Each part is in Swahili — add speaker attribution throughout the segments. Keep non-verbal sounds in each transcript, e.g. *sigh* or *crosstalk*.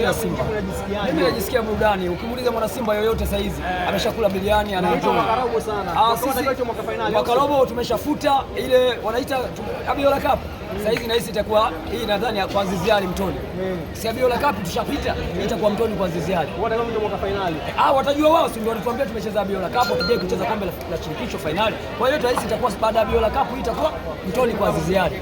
Speaker 1: ya Simba. Mimi najisikia burudani. Ukimuuliza mwana Simba yoyote sasa hizi eh. ameshakula biliani anatoa.
Speaker 2: Ah, sisi
Speaker 1: mwaka robo tumeshafuta ile wanaita Abiola Cup. Sasa hizi nahisi itakuwa hii nadhani kwa Ziziani mtoni. Hmm. Si Abiola Cup tushapita, itakuwa mtoni kwa Ziziani.
Speaker 2: Watakao ndio mwaka finali.
Speaker 1: Ah, watajua wao si ndio walituambia tumecheza Abiola Cup, tutaje kucheza kombe la shirikisho finali. Kwa hiyo tunahisi itakuwa baada ya Abiola Cup itakuwa mtoni kwa Ziziani.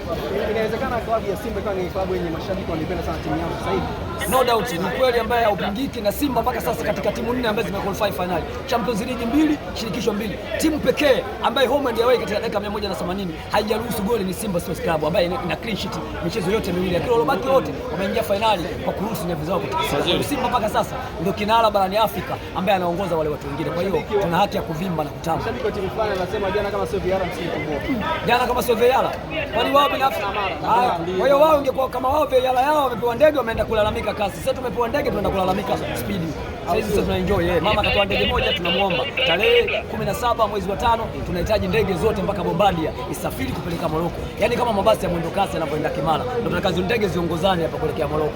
Speaker 2: *laughs* Inawezekana klabu ya Simba ikawa ni klabu yenye mashabiki wanaipenda sana timu yao sasa hivi
Speaker 1: no doubt, ni kweli ambaye haupingiki, na Simba mpaka sasa katika timu nne ambazo zime qualify finali Champions League mbili, shirikisho mbili, timu pekee ambaye home and away katika dakika 180 haijaruhusu goli ni Simba Sports Club ambaye ina clean sheet michezo yote miwili, lakini waliobaki wote wameingia finali kwa kuruhusu nyavu zao kutikisika. Simba mpaka sasa ndio kinara barani Afrika ambaye anaongoza wale watu wengine, kwa hiyo tuna haki ya kuvimba na kutamba.
Speaker 2: Jana kama sio VAR, hmm,
Speaker 1: jana kama sio VAR, kwani wao binafsi? Kwa hiyo wao ingekuwa kama wao VAR yao wamepewa ndege, wameenda kulalamika tunavuka kasi. Sasa tumepewa ndege tunaenda kulalamika speed. Sasa sisi tuna enjoy yeye. Eh, mama katoa ndege moja tunamuomba. Tarehe 17 mwezi wa tano tunahitaji ndege zote mpaka Bombardia isafiri kupeleka Moroko. Yaani kama mabasi ya mwendo kasi yanapoenda Kimara. Ndio tunakazi ndege ziongozane hapa kuelekea Moroko.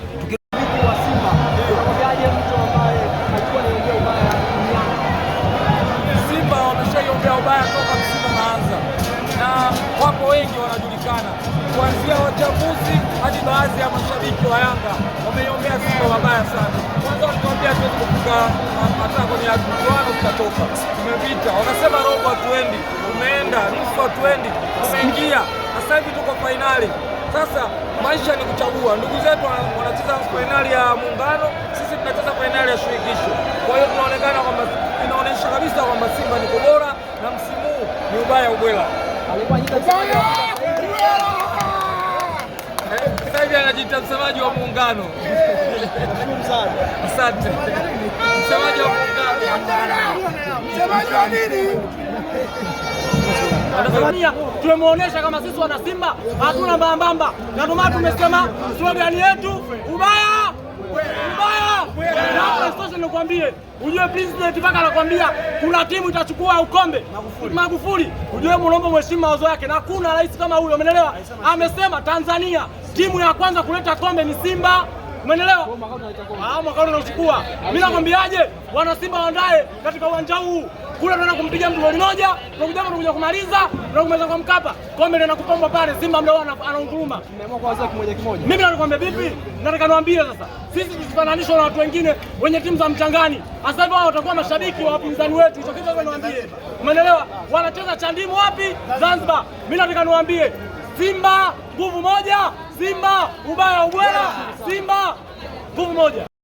Speaker 3: wengi wanajulikana, kuanzia wachambuzi hadi baadhi ya mashabiki wa Yanga wameiombea Simba mabaya sana. Kwanza walituambia hatuwezi kufika hata kwenye mchuano, tutatoka. Tumepita, wanasema robo hatuendi, tumeenda nusu, hatuendi, tumeingia sasa hivi tuko fainali. Sasa maisha ni kuchagua. Ndugu zetu wanacheza fainali ya Muungano, sisi tunacheza fainali ya Shirikisho. Kwa hiyo tunaonekana kwamba, inaonyesha kabisa kwamba Simba niko bora na msimu huu ni ubaya ubwela.
Speaker 4: Sasa hivi anajiita msemaji wa muungano. Asante. Msemaji wa muungano.
Speaker 5: Tumemuonesha kama sisi wana Simba hatuna mbambamba, na ndio maana tumesema slogani yetu ubaya sasa nikwambie, ujue president mpaka anakwambia kuna timu itachukua ukombe Magufuli, ujue mlombo mheshimu mawazo yake, na kuna rais kama huyo, umeelewa? Amesema Tanzania timu ya kwanza kuleta kombe ni Simba, umeelewa? Ah, mwaka huu unachukua. Mimi nakwambiaje, wana Simba wandae katika uwanja huu kule tunaenda kumpiga mtu goli moja, tunakuja tunakuja kumaliza, tunakumaliza kwa Mkapa. Kombe lina kupomba pale, Simba mdao anaunguruma.
Speaker 6: kwa wazee kimoja kimoja.
Speaker 5: Mimi nakwambia vipi? Nataka niwaambie sasa. Sisi tusifananishwe na watu wengine wenye timu za mchangani. Hasa hivyo wao watakuwa mashabiki wa wapinzani wetu. Hicho kitu niwaambie. Umeelewa? Wanacheza chandimu wapi? Zanzibar. Mimi nataka niwaambie Simba nguvu moja, Simba ubaya ubwela, Simba nguvu moja.